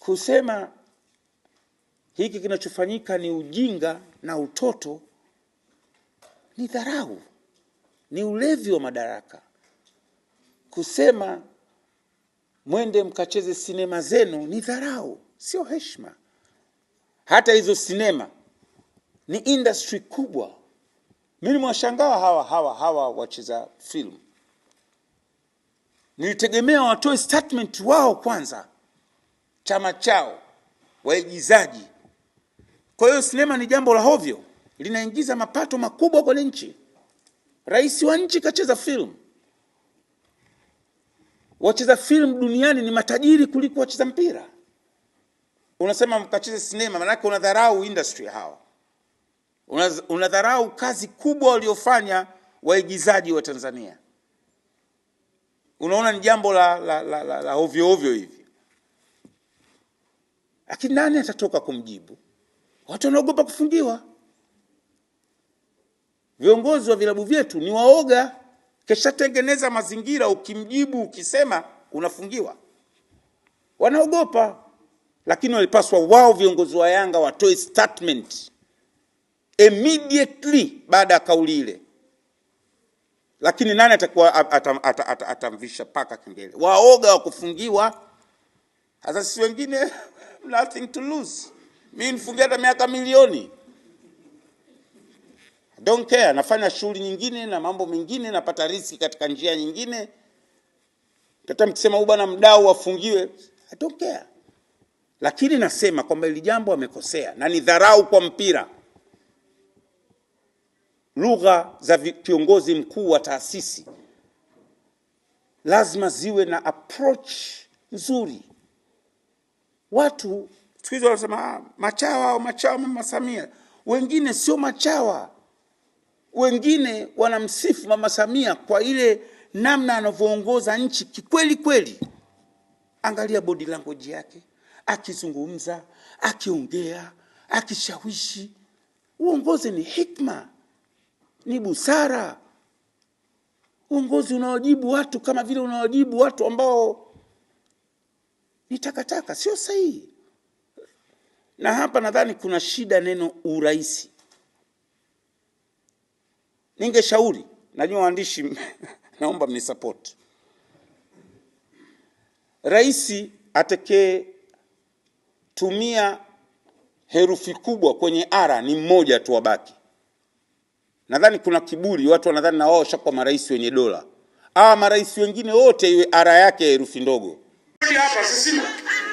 Kusema hiki kinachofanyika ni ujinga na utoto ni dharau, ni ulevi wa madaraka. Kusema mwende mkacheze sinema zenu ni dharau, sio heshima. Hata hizo sinema ni industry kubwa. Mimi nimewashangaa hawa hawa hawa wacheza filamu, nilitegemea watoe statement wao kwanza chama chao, waigizaji. Kwa hiyo sinema ni jambo la hovyo, linaingiza mapato makubwa kwa nchi. Rais wa nchi kacheza filamu. Wacheza filamu duniani ni matajiri kuliko wacheza mpira. Unasema mkacheze sinema, maanake unadharau industry hawa, unadharau kazi kubwa waliofanya waigizaji wa Tanzania. Unaona ni jambo la la la, la, la ovyo ovyo hivi. Lakini nani atatoka kumjibu? Watu wanaogopa kufungiwa. Viongozi wa vilabu vyetu ni waoga, keshatengeneza mazingira, ukimjibu ukisema unafungiwa, wanaogopa. Lakini walipaswa wao viongozi wa Yanga watoe statement immediately baada ya kauli ile. Lakini nani atakuwa atamvisha atam, atam, atam, paka kengele? Waoga wa kufungiwa. Hasa sisi wengine nothing to lose. Mi nifungia hata miaka milioni, don't care. Nafanya shughuli nyingine na mambo mengine, napata riski katika njia nyingine. Hata mkisema huyu bwana mdau afungiwe, I don't care, lakini nasema kwamba hili jambo amekosea na ni dharau kwa mpira. Lugha za kiongozi mkuu wa taasisi lazima ziwe na approach nzuri. Watu siku hizi wanasema ah, machawa au machawa Mama Samia, wengine sio machawa, wengine wanamsifu Mama Samia kwa ile namna anavyoongoza nchi kikweli kweli. Angalia body language yake, akizungumza, akiongea, akishawishi. Uongozi ni hikma, ni busara, uongozi unaojibu watu kama vile unaojibu watu ambao ni takataka, sio sahihi. Na hapa nadhani kuna shida neno urahisi. Ningeshauri, najua waandishi naomba mnisapoti, rais atekee tumia herufi kubwa kwenye ara ni mmoja tu wabaki. Nadhani kuna kiburi, watu wanadhani na wao washakuwa marais wenye dola. Ah, marais wengine wote iwe ara yake herufi ndogo. olhar para Cecília.